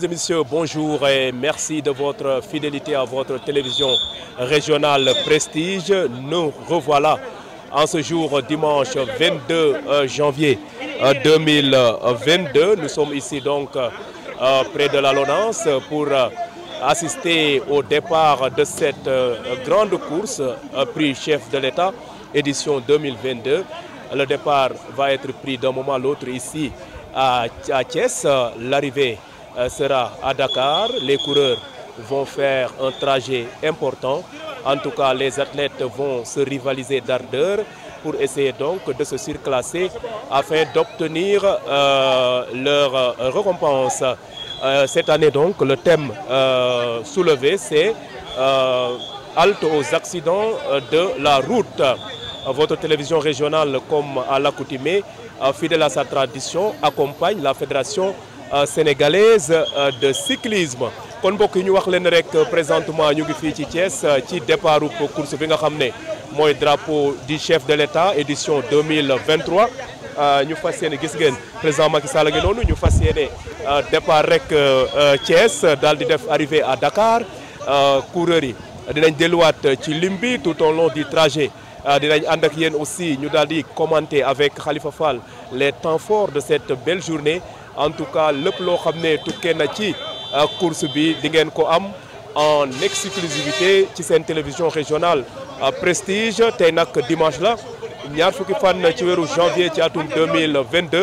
Mesdames et messieurs, bonjour et merci de votre fidélité à votre télévision régionale Prestige. Nous revoilà en ce jour dimanche 22 euh, janvier 2022. Euh, Nous sommes ici donc euh, près de la Lonance pour assister au départ de cette grande course prix chef de l'État édition 2022. Le départ va être pris d'un moment à l'autre ici à, à L'arrivée euh, sera à Dakar. Les coureurs vont faire un trajet important. En tout cas, les athlètes vont se rivaliser d'ardeur pour essayer donc de se surclasser afin d'obtenir euh, leur euh, récompense. cette année donc, le thème soulevé, c'est halte aux accidents de la route. Votre télévision régionale, comme à l'accoutumée, fidèle à sa tradition, accompagne la Fédération euh, sénégalaise euh, de cyclisme kon mbokk ñu wax leen rek euh, présentement ñu ngi fi ci Thiès ci départu course bi nga xamné moy drapeau du chef de l'État édition 2023 ñu fas gis ngeen président Macky Sall a ngi ñu départ rek Thiès dal di def arrivé à Dakar coureur yi dinañ delluwaat ci Limbi, tout au long du trajet dinañ and ak aussi ñu dal di commenter avec Khalifa Fall les temps forts de cette belle journée en tout cas le plan xam euh, course bi en exclusivité ci une télévision régionale euh, prestige C'est dimanche Nous janvier 2022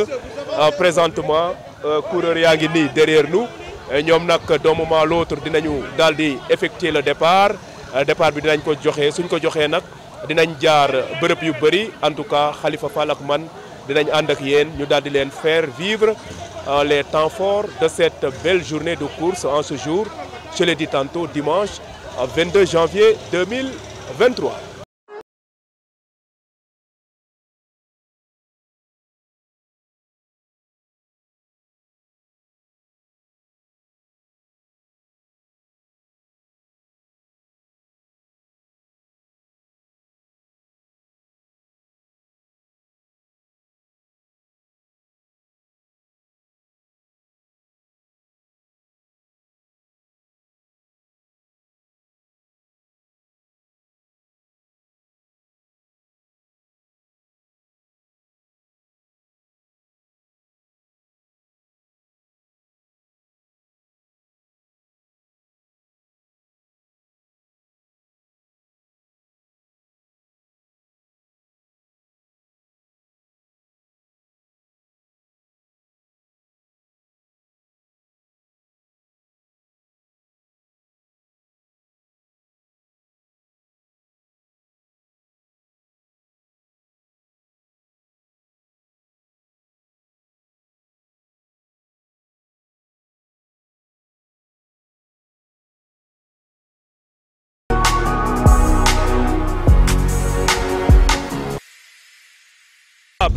euh, présentement coureur derrière nous Nous fait d'un moment à l'autre nous effectuer le départ départ est dinañ ko en tout cas Khalifa Fall ak man dinañ faire vivre les temps forts de cette belle journée de course en ce jour, je l'ai dit tantôt, dimanche 22 janvier 2023.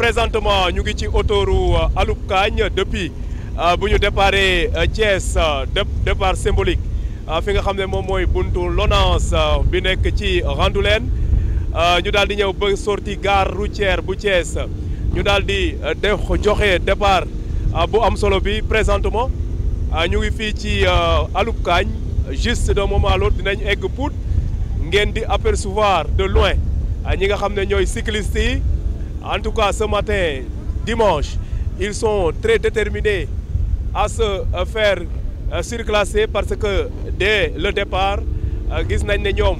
présentement nous ngi ci l'autoroute euh, Aloub depuis euh, bu déparé euh, Thiès départ symbolique Nous nga eu ne moom buntu Lonance, bi nekk ci Randoulène ñu gare routière bu Thiès ñu daal di def départ bu am présentement Nous ngi eu ci Aloub juste d'un moment à l'autre dinañ egg Pout ngeen di apercevoir de loin ñi nga xam ne cyclistes en tout cas, ce matin, dimanche, ils sont très déterminés à se euh, faire euh, surclasser parce que dès le départ, euh, ils ont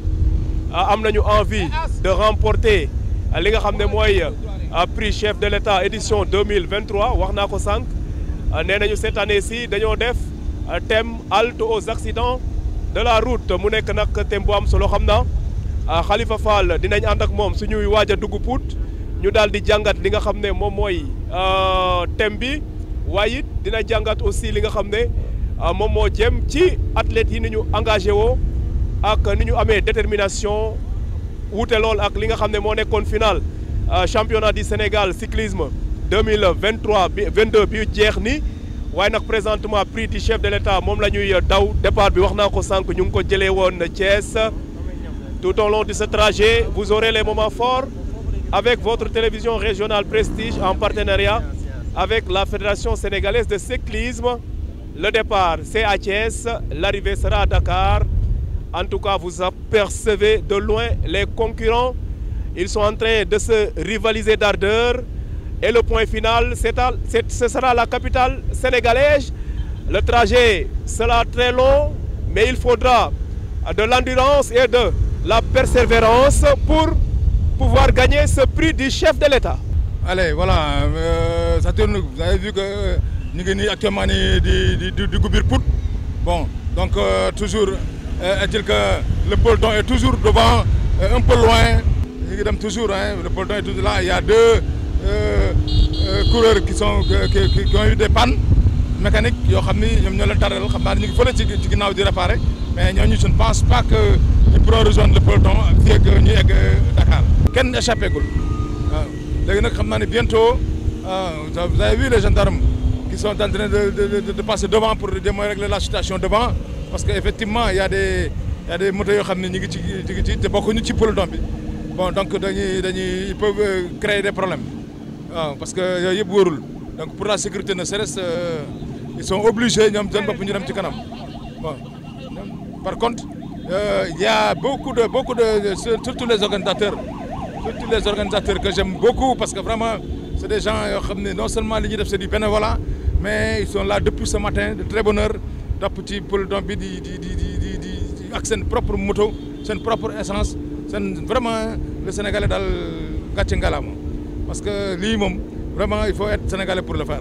envie de remporter le prix chef de l'État édition 2023 wax 5. ko avons cette année ci dañoo def thème halte aux accidents de la route mu nekk thème am solo Khalifa Fall nous allons di li nga xamné mom nous euh thème bi aussi li nga xamné euh, mom mo ci athlètes yi ni ñu engagé wo ak ni ñu détermination wouté lool ak li nga xamné mo euh, championnat du Sénégal cyclisme 2023 22 bi jeex ni présentement du chef de l'État mom lañuy daw départ bi waxna ko sank ñu ko tout au long de ce trajet vous aurez les moments forts avec votre télévision régionale Prestige en partenariat avec la Fédération sénégalaise de cyclisme. Le départ, c'est à Thiès, l'arrivée sera à Dakar. En tout cas, vous apercevez de loin les concurrents. Ils sont en train de se rivaliser d'ardeur. Et le point final, ce sera la capitale sénégalaise. Le trajet sera très long, mais il faudra de l'endurance et de la persévérance pour pouvoir gagner ce prix du chef de l'État. Allez, voilà, euh, ça Vous avez vu que euh, nous sommes actuellement du, Pout. Bon, donc euh, toujours, est-il que le peloton est toujours devant, un peu loin. Il toujours, hein, le peloton est toujours là. Il y a deux coureurs qui, sont, qui ont eu des pannes mécanique you ont mais ne pense pas que pourront rejoindre le peloton échappé bientôt euh, vous avez vu les gendarmes qui sont en train de passer devant pour la situation devant parce qu'effectivement, il y a des motos donc ils peuvent euh, créer des problèmes parce que donc pour la sécurité ne serait-ce euh, ils sont obligés de faire des ñu par contre euh, il y a beaucoup de beaucoup de surtout les organisateurs tous les organisateurs que j'aime beaucoup parce que vraiment c'est des gens non seulement les c'est du bénévolat mais ils sont là depuis ce matin de très bonne heure petit ci propre moto une propre essence c'est vraiment le sénégalais dans le ngalaama parce que lui, vraiment il faut être sénégalais pour le faire.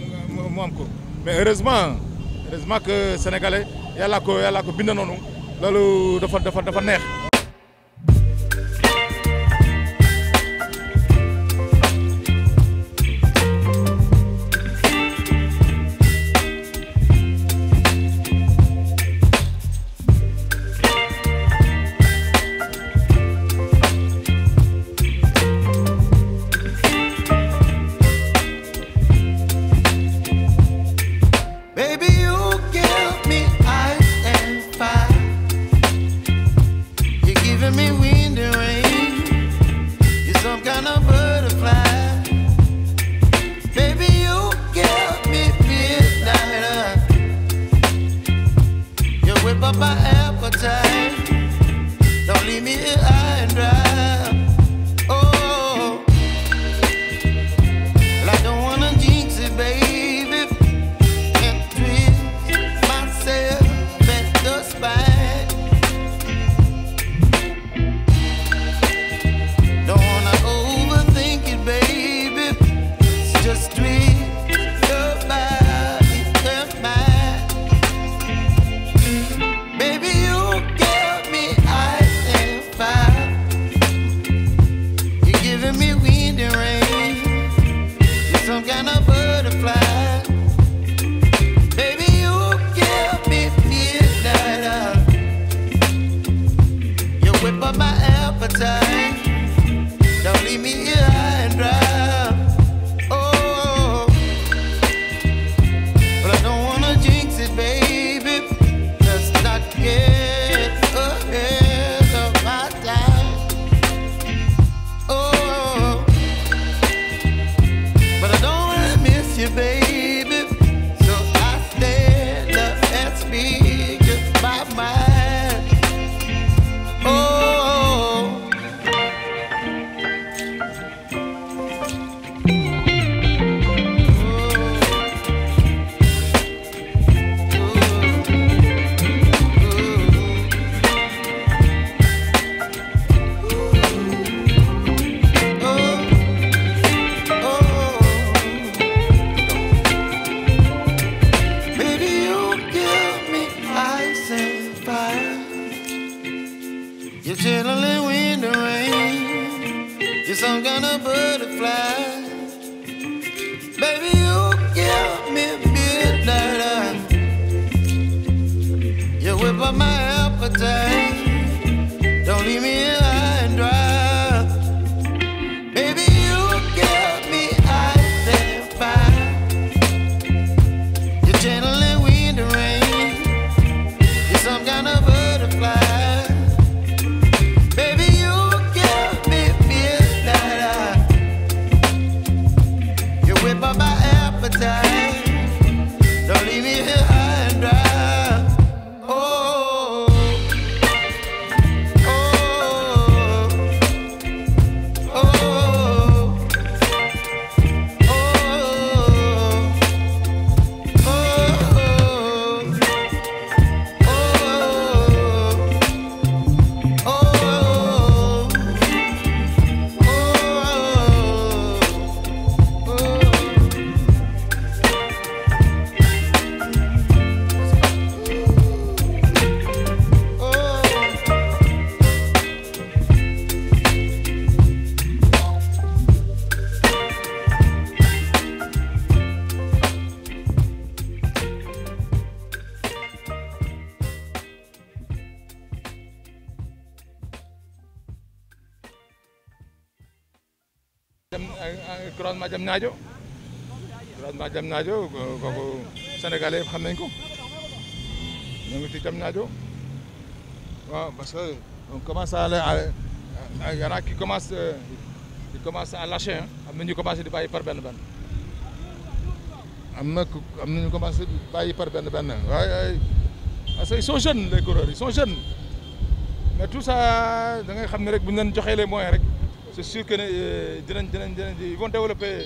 mais heureusement heureusement que sénégalais il ko là dafa Diamniadio kooku sénégalais yëpp xam nañ ko ñu ngi ci Diamniadio waaw parce que on commence à aller à y en a qui commence euh, qui commence à lâcher hein. am na ñu commencé di bàyyi par ben ben am na am na ñu commencé di bàyyi par ben benn waaye parce que ils sont jeunes les coureurs ils sont jeunes mais tout ça da ngay xam ne rek buñu ñu leen joxee les moyens rek c'est sûr que ne euh, dinañ dinañ dinañ ils vont développer.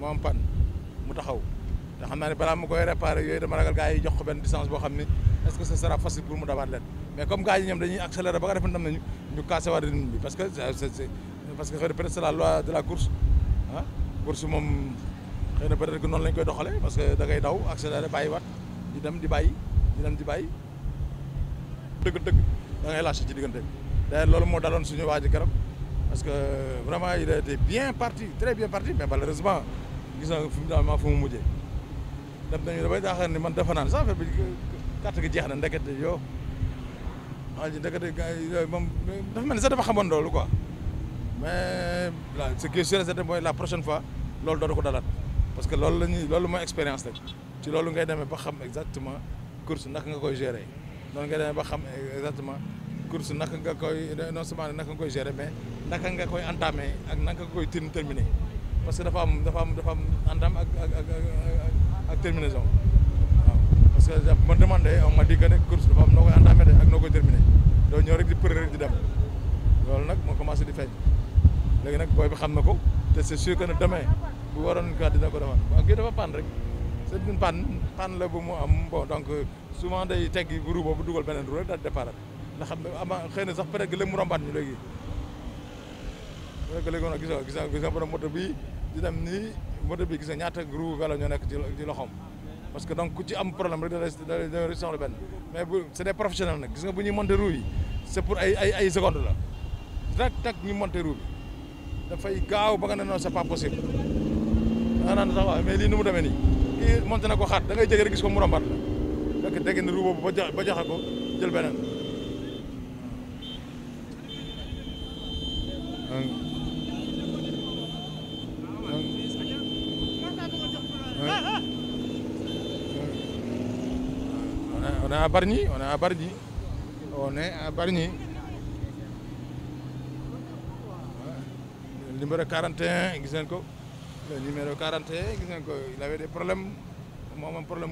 mu am pan mu taxaw te xam naa ne balaa mu koy réparé yooyu dama ragal gars yi jox benn distance boo xam ni est-ce que ce sera facile pour mu dabaat leen mais comme gars yi ñoom dañuy accéléré ba nga defoon dem nañu ñu bi parce que c'est parce que xëy na peut-être c'est la loi de la course ah. course moom xëy na peut-être que noonu lañ koy doxalee parce que da ngay daw accéléré bàyyi waat di dem di bàyyi di dem di bàyyi dëgg-dëgg da ngay lâché diggante bi d'ailleurs loolu moo daloon suñu waa ji keroog parce que vraiment il a bien parti très bien parti mais gis naa finalement fu mu mujjee dem nañu damay daa xam ne man dafa naan sans fait bi carte gi jeex na ndekete yow waa ji ndekete gars yi moom dafa mel ne sa dafa xamoon loolu quoi mais la ce qui est sûr c'est mooy la prochaine fois loolu dootu ko dalaat parce que loolu la ñuy loolu mooy expérience rek ci loolu ngay demee ba xam exactement course naka nga koy gérer noonu ngay demee ba xam exactement course naka nga koy non seulement naka nga koy gérer mais naka nga koy entamer ak naka nga koy terminer parce que dafa am dafa am dafa am entame ak ak ak ak terminaison waaw parce que ma demandé on m'a dit course dafa am noo koy entamé de ak noo koy terminé doo ñëw rek di përë di dem loolu nag moo commencé di feeñ léegi nag booy bi xam na ko te c'est sûr que bu waroon kat dina ko defaat waaw kii rek c'est une panne panne mu am bon donc souvent day teggi bu roue boobu dugal beneen roue rek a di départ xam nga ama xëy na sax peut-être que lépp mu ñu léegi mu nekk léegi nag gis nga gis nga moto bi di dem nii moto bi gis nga ñaata groupe vélo ñoo nekk ci ci loxoom parce que donc ku ci am problème rek da lay da lay soxla benn mais bu c' est des professionnels nag gis nga bu ñuy monter roue yi c' est pour ay ay ay secondes la tak tak ñu monter roue bi dafay gaaw ba nga ne non c' pas possible da naan sax mais lii nu mu demee nii monter na ko da ngay jege gis ko mu rombat la fekk dégg na roue ba ba joxe jël beneen à on est à On est à Bargny. Le numéro 41, Le numéro 41, il avait des problèmes. Moi, mon problème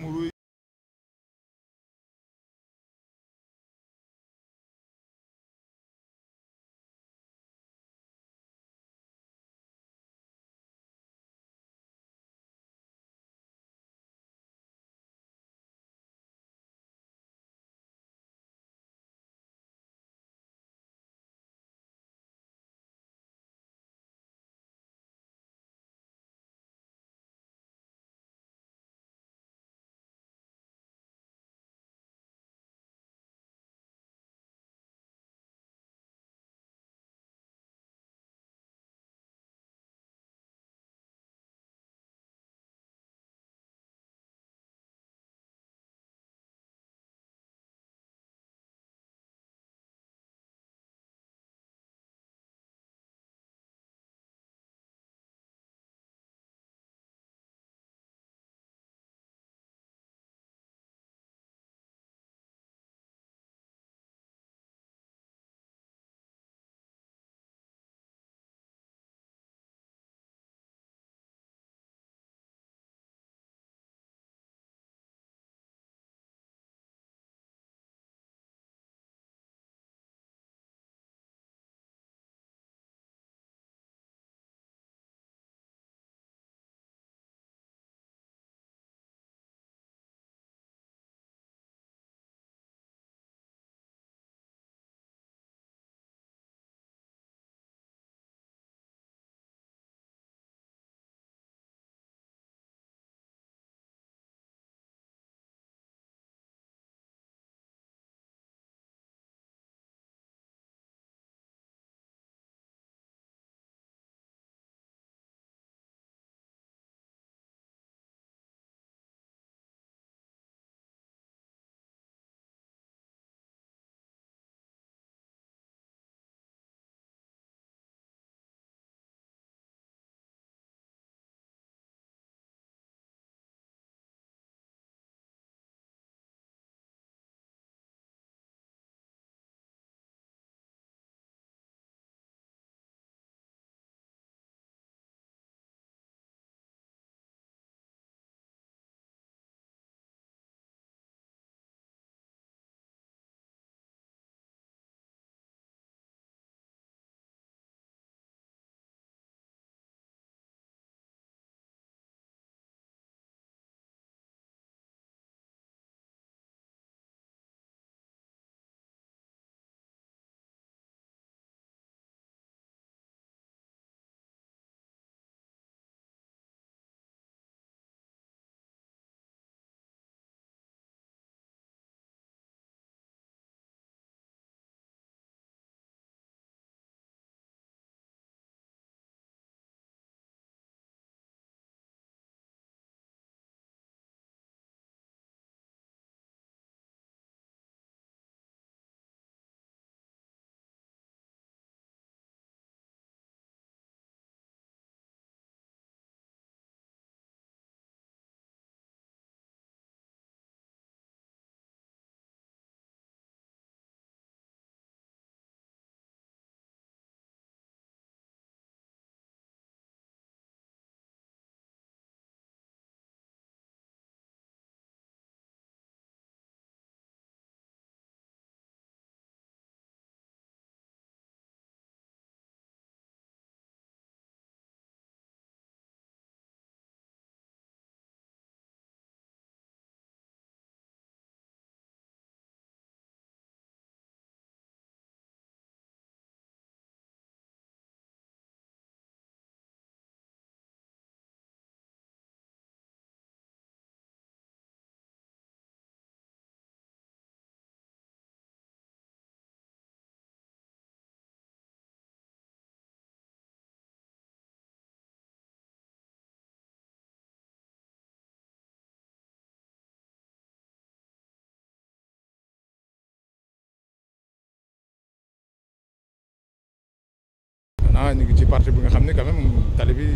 ah ñu ci parti bi nga xamné quand même tali bi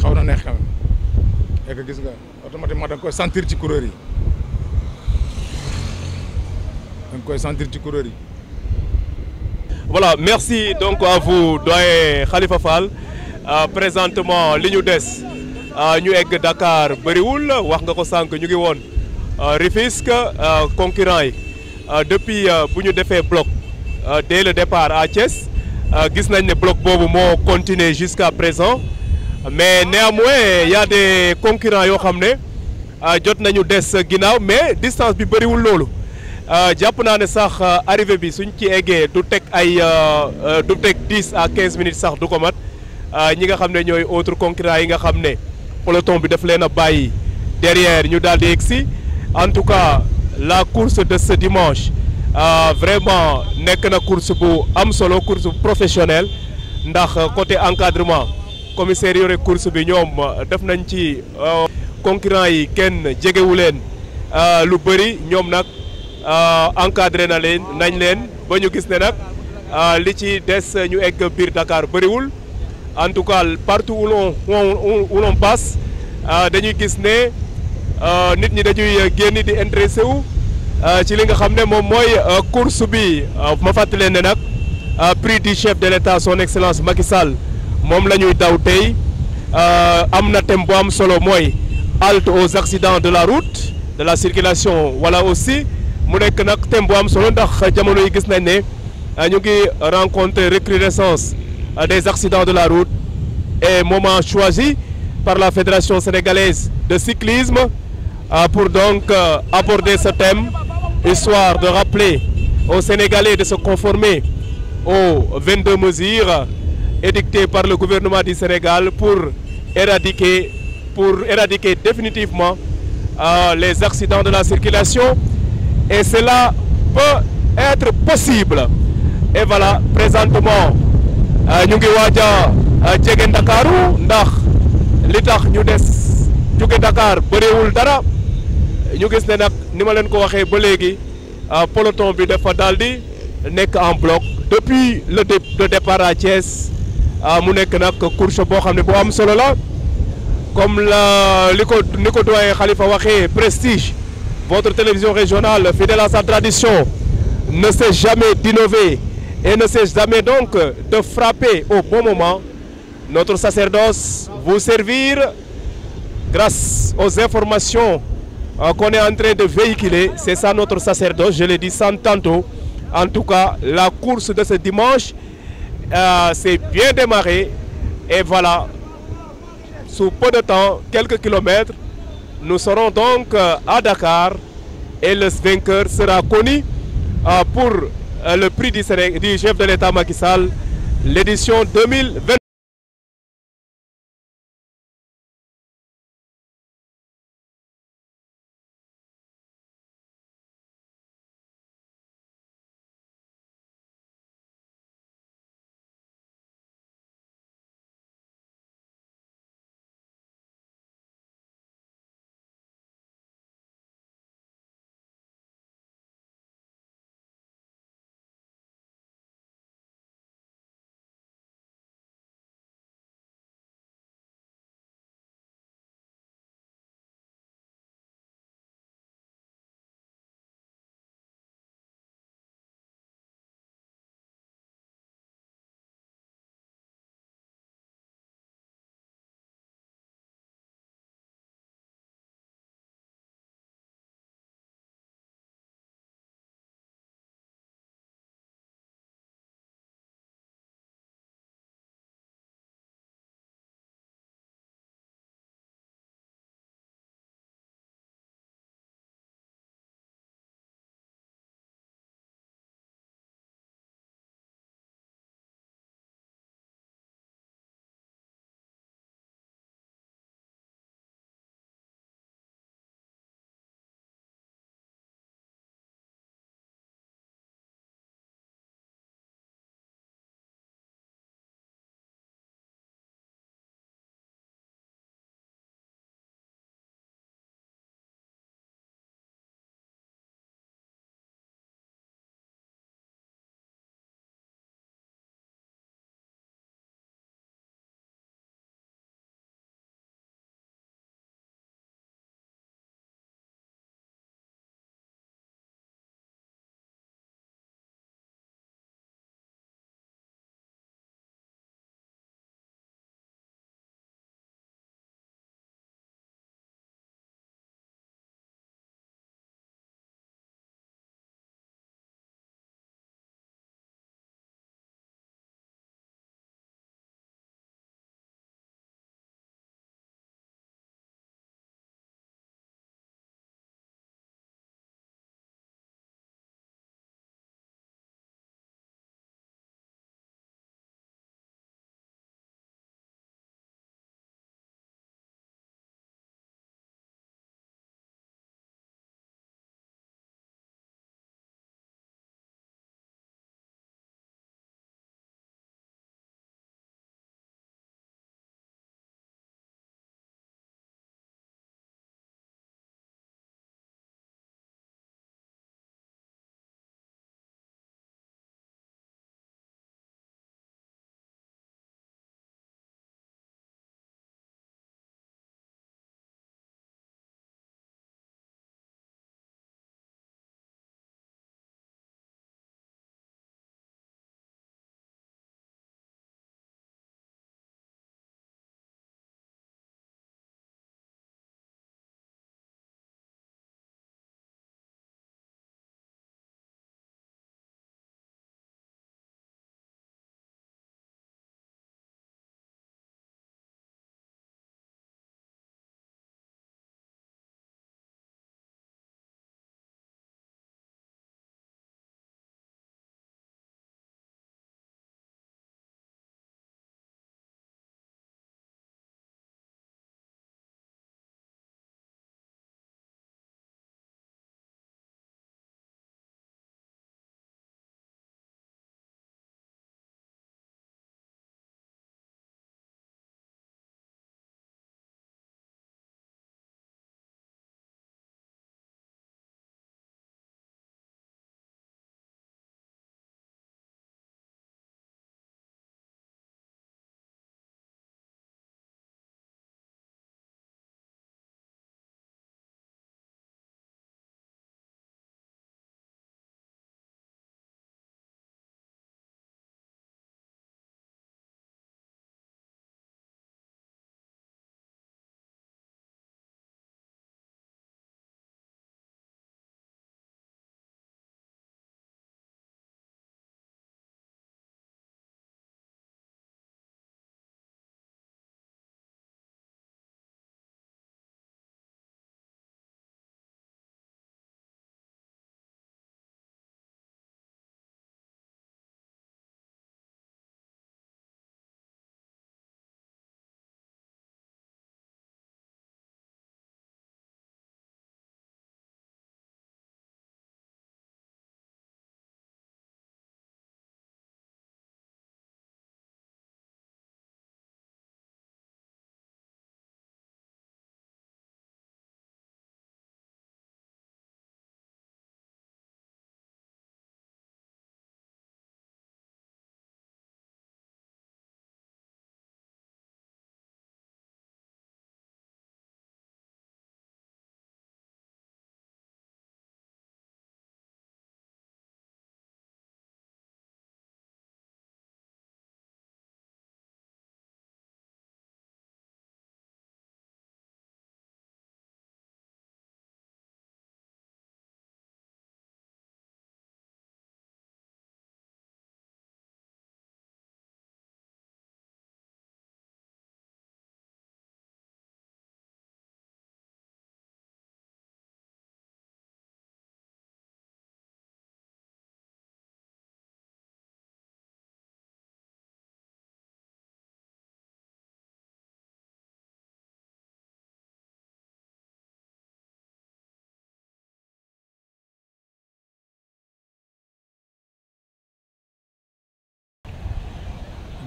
xaw na neex quand même et ko gis nga automatiquement da nga koy sentir ci coureur yi da nga koy sentir ci coureur yi. voilà merci donc à vous doyé Khalifa Fall euh, présentement liñu dess des euh, ñu egg Dakar bari wul wax nga ko sank ñu ngi woon euh, Rufisque euh, concurrent yi depuis buñu défé defee bloc dès le départ à Thiès. Euh, gis nañ bloc bobu mo continuer jusqu'à présent mais néanmoins il y a des concurrents qui xamné euh, jot nañu des ginaaw mais distance bi pas lolu euh, jàpp naa sax arrivé bi suñ ci égué du teg ay du 10 à 15 minutes sax du ko mat ñi nga xamné ñoy autres concurrents yi nga xamné peloton bi daf leena a derrière ñu daal di en tout cas la course de ce dimanche ah, vraiment nek na course bu am solo course professionnelle ndax euh, côté encadrement commissaire course bi ñom euh, def nañ ci euh, concurrent yi kenn len ah, lu na nañ li ci des ñu egg en tout cas partout où l'on où l'on passe dañuy gis euh, nit ñi dañuy euh, ci li nga xamné mom moy euh, course bi euh, ma prix du chef de l'État son excellence Macky Sall mom la ñuy daw tey am na thème bu am solo moy halte aux accidents de la route de la circulation wala aussi mu nek nak thème bu am solo ndax jamono yi gis nañ né ñu ngi rencontrer recrudescence des accidents de la route et moment choisi par la Fédération sénégalaise de cyclisme pour donc aborder ce thème histoire de rappeler aux Sénégalais de se conformer aux 22 mesures édictées par le gouvernement du Sénégal pour éradiquer, pour éradiquer définitivement euh, les accidents de la circulation. Et cela peut être possible. Et voilà, présentement, nous euh, ngi en euh, dans Dakar dara ni ma leen ko waxee ba léegi euh, peloton bi dafa en bloc depuis le départ à Thiès euh, mu course ne bu am comme la li ko Khalifa waxee prestige votre télévision régionale fidèle à sa tradition ne sait jamais d'innover et ne sait jamais donc de frapper au bon moment notre sacerdoce vous servir grâce aux informations euh, qu'on est en train de véhiculer. C'est ça notre sacerdoce, je l'ai dit sans tantôt. En tout cas, la course de ce dimanche s'est euh, bien démarrée. Et voilà, sous peu de temps, quelques kilomètres, nous serons donc euh, à Dakar et le vainqueur sera connu pour le prix du chef de l'État Macky Sall, l'édition 2020.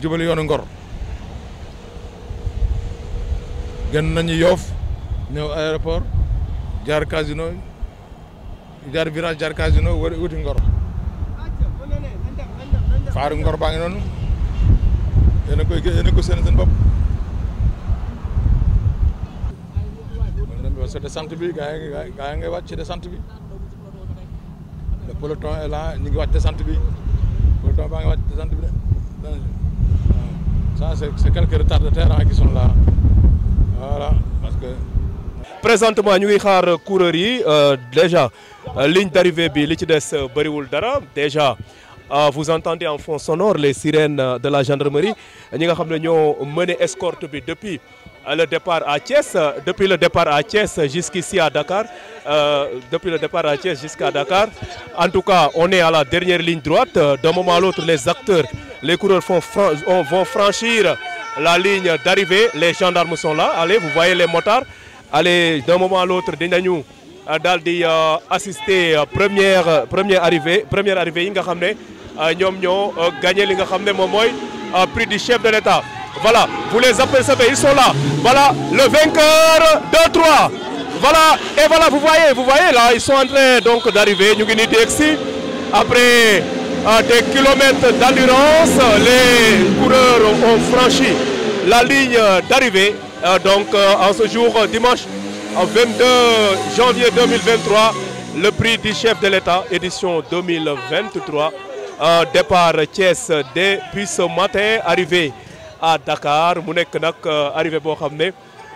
jubal yoonu Ngor gën nañu yoof ñëw aéroport jaar casino jaar virage jaar casino war wuti Ngor faaru Ngor baa ngi noonu yéen a koy yéen a ko seen seen bopp sa descente bi gaa yi gaa yi ngay wàcc ci descente bi le peloton est là ñu ngi wàcc descente bi peloton baa ngi wàcc sant bi c'est quelques retardateurs qui sont là. Voilà, parce que... présentement nous ngi xaar euh, déjà euh, ligne d'arrivée bi euh, déjà vous entendez en fond sonore les sirènes de la gendarmerie Nous avons mené escorte depuis euh, le départ à Thiès, euh, depuis le départ à Thiès jusqu'ici à Dakar, euh, depuis le départ à Thiès jusqu'à Dakar. En tout cas, on est à la dernière ligne droite. D'un moment à l'autre, les acteurs, les coureurs vont franchir la ligne d'arrivée. Les gendarmes sont là. Allez, vous voyez les motards. Allez, d'un moment à l'autre, a assisté assister première, première arrivée. Première arrivée, euh, ñoo euh, gagné li euh, prix du chef de l'État voilà vous les apercevez ils sont là voilà le vainqueur de 3 voilà et voilà vous voyez vous voyez là ils sont en train donc d'arriver ñu ngi après des kilomètres d'endurance les coureurs ont franchi la ligne d'arrivée donc en ce jour dimanche 22 janvier 2023 le prix du chef de l'État édition 2023 départ Thiès depuis ce matin arrivé à Dakar euh, arrivé boo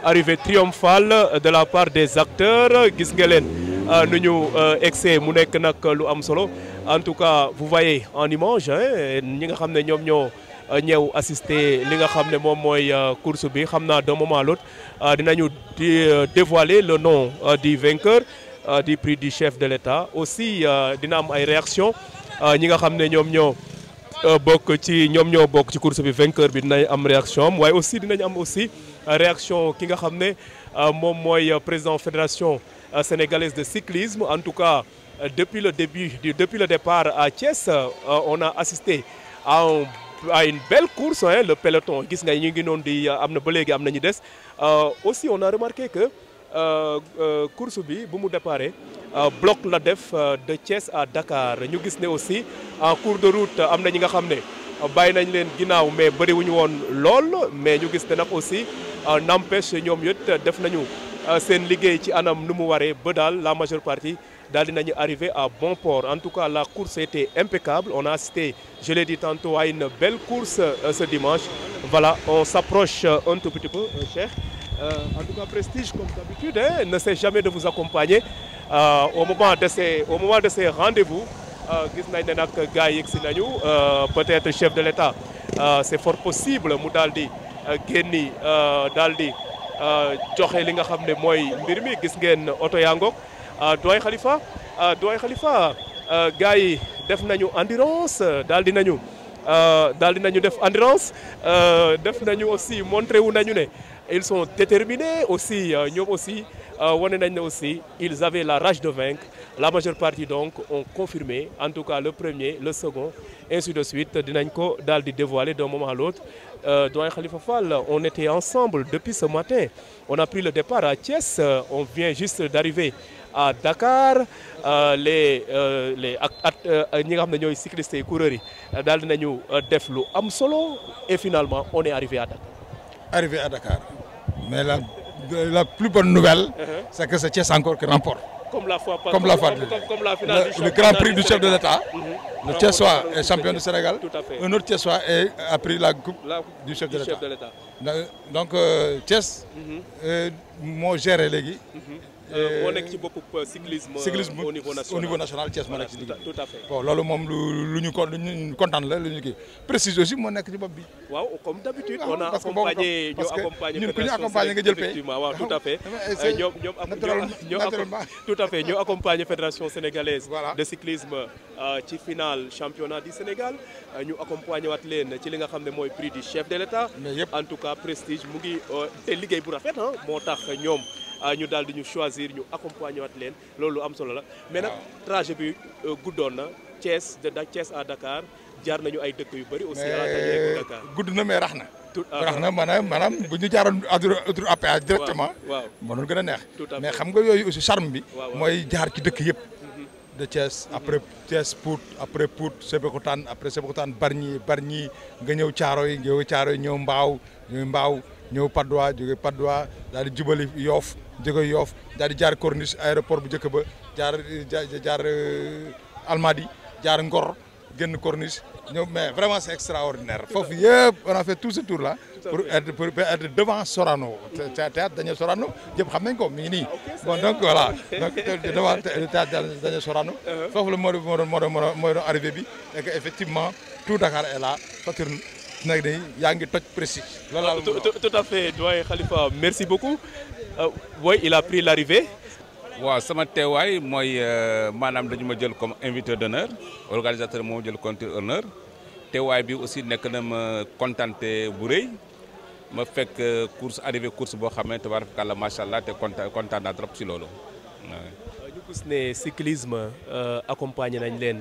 arrivé triomphale de la part des acteurs Gisgelen, nous leen euh, nu nous excès euh, mu lu en tout cas vous voyez en image hein, ñi nga qui ont assisté ñoo ñew assister li nga xamné mom moy course bi xamna d'un moment le nom du vainqueur du prix du chef de l'État aussi dina am ay réactions ah, ñi nga xam ne ñoom ñoo euh, bokk ci ñoom ñoo bokk ci course bi vainqueur bi dinañ am réaction am aussi dinañ am aussi euh, réaction ki nga xam ne euh, moom mooy président fédération sénégalaise de cyclisme en tout cas depuis le début depuis le départ à Thiès on a assisté à une belle course hein, le peloton gis nga ñu ngi noonu di am na ba léegi am na ñu des aussi on a remarqué que euh, euh, course bi bu mu euh, bloc la def de Thiès à Dakar ñu gis né aussi en cours de route amna ñi nga xamné ne nañ leen ginaaw mais bëriwuñu won lool mais ñu gis ne aussi n'empêche ñom it def nañu seen liggéey ci anam nu mu waré ba dal la majeure partie dal dinañu arrivé à bon port en tout cas la course était impeccable on a assisté je l'ai dit tantôt à une belle course ce dimanche voilà on s'approche un tout petit peu cher. Euh, en tout cas Prestige, comme d'habitude, hein, ne cesse jamais de vous accompagner euh, au moment de ces, au moment de ces rendez-vous. Euh, gis nañ ne nag gars yi yegsi nañu peut-être chef de l'État c'est fort possible mu daal Daldi, génni daal di joxe li nga xam ne mooy mbir mi gis ngeen oto yi def nañu endurance Daldi Nanyu, nañu Nanyu, nañu def endurance def nañu aussi montré où nañu ne ils sont déterminés aussi, euh, aussi, euh, aussi, ils avaient la rage de vaincre. La majeure partie donc ont confirmé, en tout cas le premier, le second, Et ainsi de suite. Dinanko Dal de dévoiler d'un moment à l'autre. Euh, Douane Khalifa Fall, on était ensemble depuis ce matin. On a pris le départ à Thiès, on vient juste d'arriver à Dakar les les et finalement on est arrivé à Dakar. arrivé à Dakar. Mais la, la plus bonne nouvelle, uh-huh. c'est que c'est Thiès encore qui remporte. Comme la fois comme, la comme, la finale le, du le Grand Prix du chef de l'État. Uh-huh. Le Thiessois est champion du Sénégal. Tout à fait. Un autre a pris la coupe, du chef de l'État. Donc euh, Thiès, mon gère et mm euh, on est ci beaucoup cyclisme. Euh, cyclisme au niveau national au niveau national Thiès tout à fait bon loolu moom lu lu ñu kon la lu aussi moo est ci bi. waaw comme d'habitude. on a accompagné ñoo accompagné ñun ku accompagné nga jël tout à fait. tout à fait ñoo accompagné fédération sénégalaise. de cyclisme euh, ci finale championnat du Sénégal ñu accompagné waat leen ci li nga prix du chef de l'État. en tout cas prestige mu ngi te liggéey bu rafet hein, moo tax ñoom. Euh, ñu daal di ñu choisir ñu accompagner waat leen loolu am solo la. mais nag trajet bi euh, guddoon na Thiès de Thiès à Dakar jaar nañu ay dëkk yu bëri. aussi à gudd na mais rax na. tout rax na maanaam maanaam bu ñu jaaroon autoroute à péage directement. waaw mënul gën a neex. mais xam nga yooyu aussi charme bi. mooy jaar ci dëkk yëpp. Mm-hmm. de Thiès mm-hmm. après Thiès Pout après Pout Sébikotane après Sébikotane Bargny ñi nga ñëw Thiaroye nga ñëw caaro ñëw Mbaaw ñëw Mbaaw ñëw Patte d'Oie jóge Patte d'Oie daal di jubali Yoff jëgë yoof daal di jaar Corniche aéroport bu njëkk ba jaar jaar euh, Almadi jaar Ngor genn Corniche ñëw mais vraiment c'est extraordinaire fofu yépp on a fait tout ce tour là pour être pour être devant Sorano théâtre dañu Sorano ñëpp xam nañ ko mi ni bon donc voilà donc devant théâtre dañu Sorano uh-huh. fofu le mode mode mode mode arrivé bi et que effectivement tout Dakar est là fatirne nag day toj précis tout à fait doyen Khalifa merci beaucoup Euh, oui il a pris l'arrivée waaw sama teewaay mooy euh, maanaam dañu de jël comme invité d'honneur organisateur moom jël compte honneur teewaay bi aussi nekk na ma kontante bu rëy ma que euh, course arrivé course boo xam ne tabaarkalla macha allah te kontaan kontaan naa trop ci loolu. ñu gis ne cyclisme accompagné nañ leen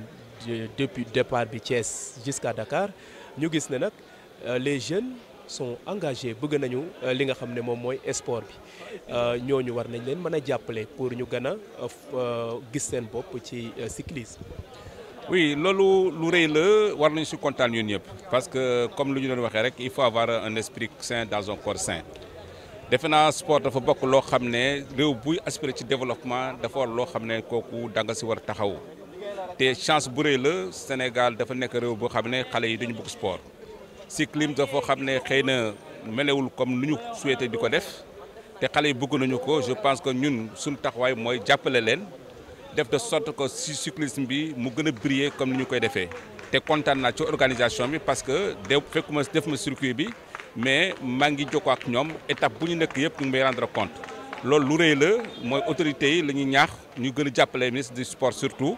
depuis départ bi Thiès jusqu'à Dakar ñu gis ne les jeunes sont engagés bëgg nañu euh, li nga xamné mom moy sport bi euh ñooñu war nañ leen mëna jappalé pour ñu gëna a euh, euh, gis seen bop ci cyclisme. oui lolu lu reey le war nañ si contane ñun ñëpp parce que comme lu ñu doon waxé rek il faut avoir un esprit sain dans un corps sain defena sport dafa bokk lo xamné rew réew buy aspiré ci développement dafa war loo xam ne kooku da nga si war taxaw té chance bu reey le Sénégal dafa nek rew bu xamné xalé yi duñu bëgg sport cyclisme dafa xam ne xëy na comme nu souhaité diko def té xalé yi bëgg nañu ko je pense que ñun suñu taxway moy jappalé leen def de sorte que ci cyclisme bi mu gëna a briller comme ni koy défé té contane na ci organisation bi parce que de fekkuma def ma circuit bi mais ma ngi joko ak ñom étape bu ñu nekk yépp ñu may rendre compte lool lu rëy la moy autorité yi lañu ñaax ñu gëna jappalé ministre du sport surtout.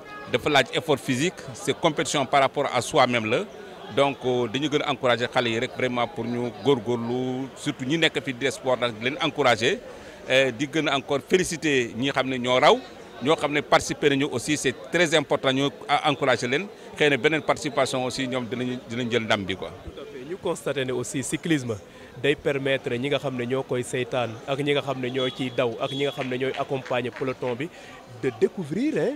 de faire l'effort physique c'est compétition par rapport à soi-même donc euh, nous encourager les vraiment pour nous surtout nous gens fi des encourager Nous encore féliciter les gens qui participer aussi c'est très important ñu encourager leen une participation aussi nous à cyclisme day permettre ñi nga ak de découvrir hein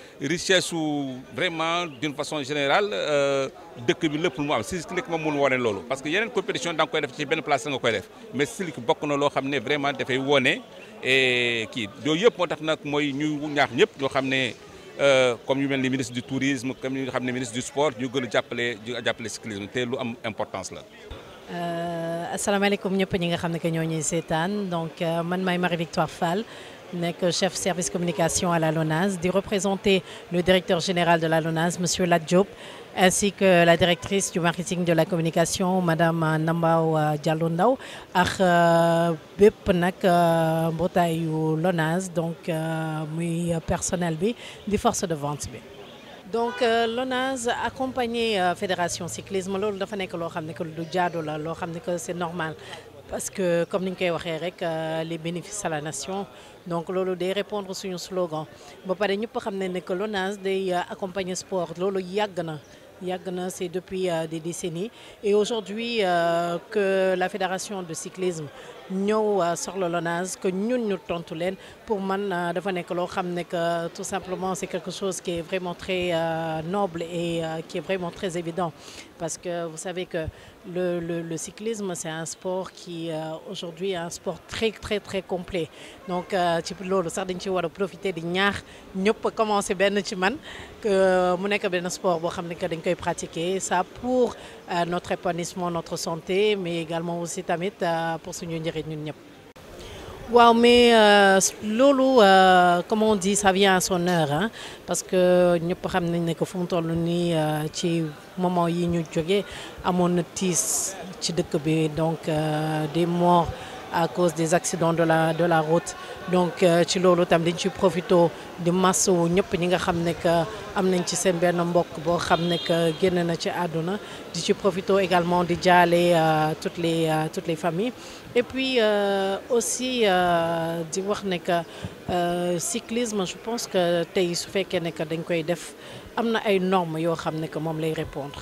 richesse ou vraiment d'une façon générale euh, dëkk bi lépp lu mu am Sicile moom mun wone loolu parce que yeneen compétition da nga koy def ci benn place nga koy def mais Sicile bokk na loo xam ne vraiment dafay wone et kii yooyu yëpp moo tax nag mooy ñu ñaax ñëpp ñoo xam ne euh, comme ñu mel ni ministre du tourisme comme ñu xam ne ministre du sport ñu gën a jàppale jàppale cyclisme te lu am importance la. Euh, asalaamaaleykum ñëpp ñi nga xam ne que ñoo ñuy seetaan donc man maay Marie Victoire Fall. Nek, chef service communication à la LONAS, de représenter le directeur général de la LONAS, monsieur Ladjoub, ainsi que la directrice du marketing de la communication madame Nambao euh, Diallo à ak euh, euh, donc personnel des forces force de vente bi. donc accompagne la fédération cyclisme c'est normal parce que comme nous avons les bénéfices à la nation donc lolo day répondre un slogan ba paré ñëpp xamné que l'ONAS day euh, accompagner sport Lolo yagna, yagna, c'est depuis euh, des décennies et aujourd'hui euh, que la fédération de cyclisme ñëw sur l'ONAS que ñun ñu tontu pour man dafa que tout simplement c'est quelque chose qui est vraiment très noble et qui est vraiment très évident parce que vous savez que le, cyclisme, c'est un sport qui euh, aujourd'hui est un sport très très très complet donc le euh, loolu ça ci profiter nous ñaax ñëpp commencer ben ci man que mu sport vous pratiquer ça pour euh, notre épanouissement notre santé mais également aussi tamit pour suñu njëriñ ñun Wow, mais euh, Lolo, euh, comme on dit ça vient à son heure hein, parce que nous xam nañ ne que euh, moment nous ñu donc des morts à cause des accidents de la de la route donc euh, ci tam ci profito de ñi nga que ci mbokk que également di euh, toutes les euh, toutes les familles et puis aussi di wax cyclisme je pense que tey su fekké que dañ koy def ay normes répondre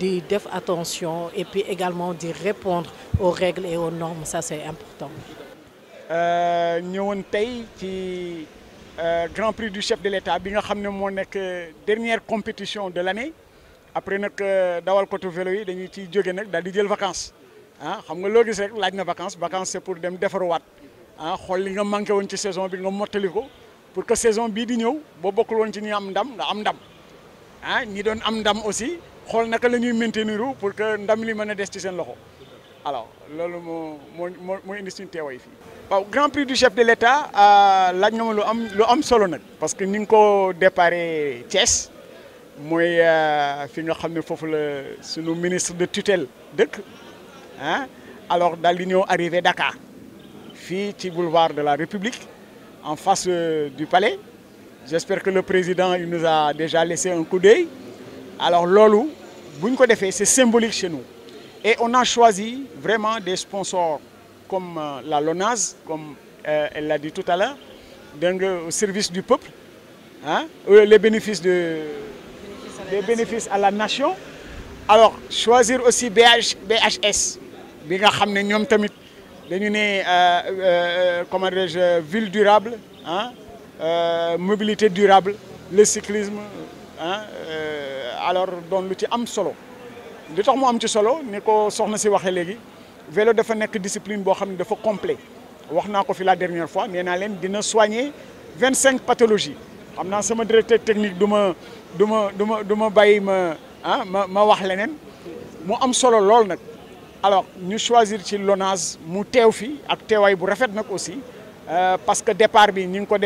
de faire attention et puis également de répondre aux règles et aux normes, ça c'est important. Euh, nous tey ci euh, Grand Prix du chef de l'État nous nga xam la euh, dernière compétition de l'année après nous dawalkatu vélo yi dañuy ciy jóge nag daal di jël vacances ah xam nga loo gis rek les vacances vacances c'est pour dem faire ah choses. li nga manqué woon ci saison bi nga mottali pour que saison bii di ñëw boo bokkul woon ci ñi ndam ah, ndam aussi. On naka la ñuy maintenir pour que ndam li mëna a des ci seen loxo alors lolu moo Alors, je indi suñu teewaay fi grand prix du chef de l'État à avons un lu am lu solo parce que ni avons ko déparé Thiès Nous euh, fi nga xamné fofu le la suñu ministre de tutelle deuk hein. alors nous sommes arrivés à Dakar fi ci boulevard de la République en face euh, du palais j'espère que le président il nous a déjà laissé un coup d'œil alors Lolo, c'est symbolique chez nous. Et on a choisi vraiment des sponsors comme euh, la LONAS, comme euh, elle l'a dit tout à l'heure, euh, au service du peuple, hein, les bénéfices, de, bénéfices à la nation. Alors, choisir aussi BH, BHS, comment ville durable, hein, mobilité durable, le cyclisme, Hein, euh, alors doon lu ci am solo li tax mu am ci solo ni ko soxna si waxee léegi vélo dafa nekk discipline bo xam ne dafa complet wax ko fi la dernière fois mais naa dina soigner 25 pathologies xam naa sama directeur technique duma duma duma duma baye ma hein ma ma ah ma ma wax leneen mu am solo lol nak alors ñu choisir ci Lonase mu teew fi ak teewaay bu rafet nak aussi euh, parce que départ bi ñi ngi ko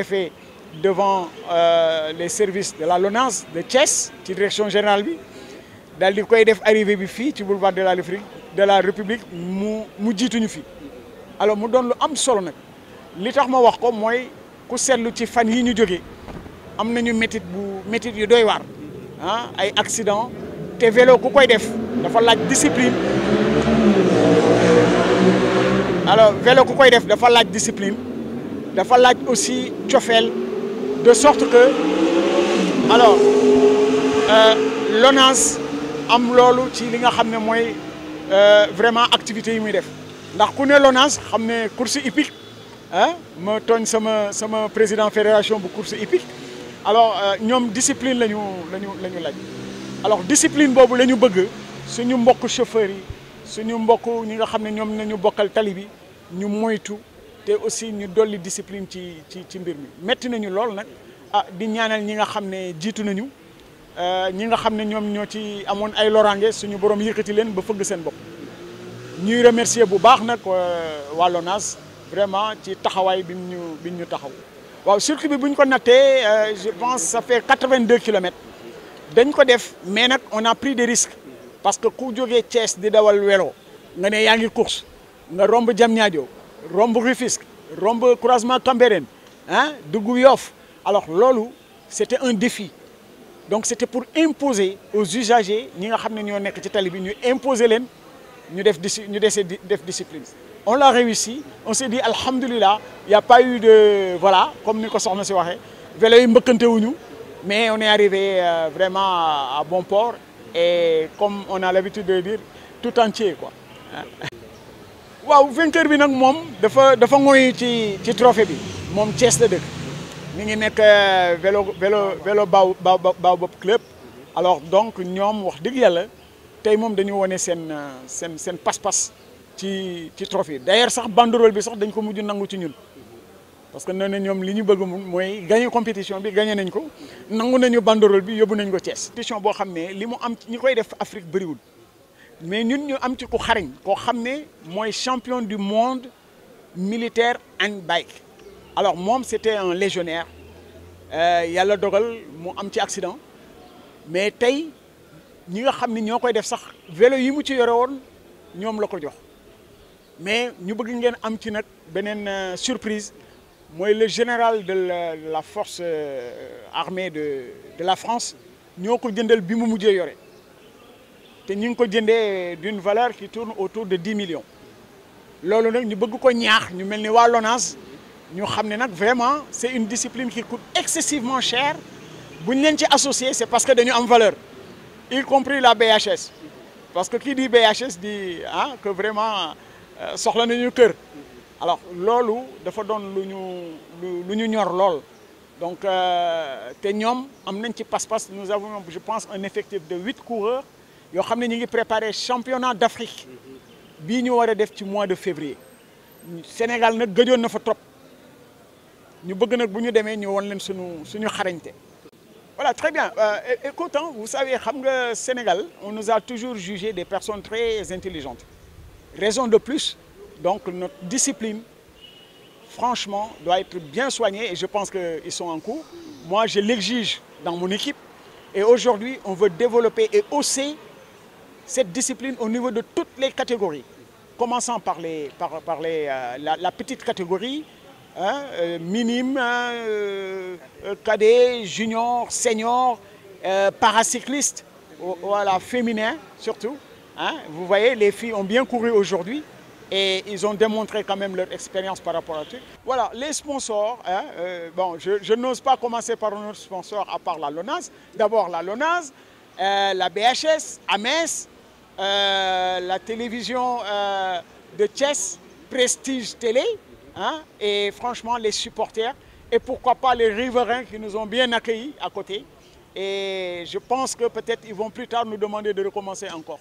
devant euh, les services de la LONAS, de Thiès direction générale bi arrivé boulevard de la République de la République alors mu lu am solo li tax ma wax ko ku ci fan yi ñu am nañu métit ah, accident té vélo ku koy def dafa discipline alors vélo ku koy def dafa laaj discipline dafa laaj aussi de sorte que, alors, euh, l'ONAS am loolu ci li nga xam ne mooy euh, vraiment activité yi muy def ndax ku ne l'ONAS xam ne course hippique ah ma tooñ sama sama président fédération bu course épique alors euh, ñoom discipline la ñu la ñu la alors discipline boobu la ñu bëgg suñu mbokk chauffeurs yi suñu mbokk ñi nga xam ne ñoom nañu bokkal tali bi ñu moytu te aussi ñu doli discipline ci ci ci mbir mi metti nañu lool nak ah di ñaanal ñi nga xamné ne nañu euh ñi nga xamné ñom ñoom ñoo ci amone ay loraange suñu borom yëkëti leen ba fëgg seen bopp ñuy remercier bu baax nak euh LONASE vraiment ci taxaway bi ñu bi ñu taxaw waaw circuit bi buñ ko naté euh, je pense ça fait 82 km dañ ko def mais nak on a pris des risques parce que ku jógee Thiès di dawal vélo nga né yaangi course nga romb Diamniadio Rombo Rufisque rombo croisement Cambérène hein, de alors Lolo, c'était un défi donc c'était pour imposer aux usagers nous nga xam ne ñoo imposer les, def discipline on l'a réussi on s'est dit il n'y a pas eu de voilà comme ni ko soxna si waxee vélo yi mbëkkante nous, mais on est arrivé euh, vraiment à bon port et comme on a l'habitude de dire tout entier quoi hein waaw vainqueur bi nak mom dafa dafa ngoy ci ci trophée bi mom Thiès la deuk mi ngi nek euh, vélo vélo vélo baaw baaw baaw bopp club alors donc ñom wax dëgg yàlla tay mom dañu woné sen euh, sen sen passe passe ci ci trophée d'ailleurs sax banderole bi sax dañ ko muju nangu ci ñun parce que nee ñom liñu bëgg moy gagner compétition bi gagner nañ ko nangu nañu banderole bi yóbbu nañ ko Thiès. compétition bo xamné limu am ñi koy def Afrique bëriwul mais ñun ñu am ci ku xarañ koo xam champion du monde militaire handbike alors moi, c'était un légionnaire euh, yàlla dogal mu am ci accident mais Tay, ñi nga xam ne ñoo koy def sax vélo yi mu ci yore woon ñoom la ko jox mais ñu bëgg ngeen am ci nag beneen euh, surprise Moi, le général de la la force euh, armée de de la France nous ko jëndal bi mu mujjee yore nous une d'une valeur qui tourne autour de 10 millions Nous avons ñu bëgg ko ñaax ñu vraiment c'est une discipline qui coûte excessivement cher Si nous leen ci c'est parce que avons une valeur y compris la BHS parce que qui dit BHS dit ah, que vraiment euh, avons nañu kër alors lolo, dafa doon nous nous lu donc euh, te am nañ passe-passe nous avons je pense un effectif de 8 coureurs Yo, xamné ñi le championnat d'Afrique bi ñu wara def mois de février Sénégal gëjoon na fa trop ñu bëgg nak bu ñu démé ñu won leen suñu voilà très bien euh, Écoutez, hein, vous savez xam nga Sénégal on nous a toujours jugé des personnes très intelligentes raison de plus donc notre discipline franchement doit être bien soignée et je pense qu'ils sont en cours moi je l'exige dans mon équipe et aujourd'hui on veut développer et hausser cette discipline au niveau de toutes les catégories, commençant par, les, par, euh, la, petite catégorie, hein, euh, minime, hein, euh, cadet, junior, senior, paracycliste, voilà, féminin surtout. Hein. Vous voyez, les filles ont bien couru aujourd'hui et ils ont démontré quand même leur expérience par rapport à tout. Voilà, les sponsors, hein, bon, je, n'ose pas commencer par un autre sponsor à part la LONAS. D'abord la LONAS, la BHS, AMES, euh, la télévision euh, de Chess, Prestige Télé, hein, et franchement les supporters, et pourquoi pas les riverains qui nous ont bien accueillis à côté. Et je pense que peut-être ils vont plus tard nous demander de recommencer encore.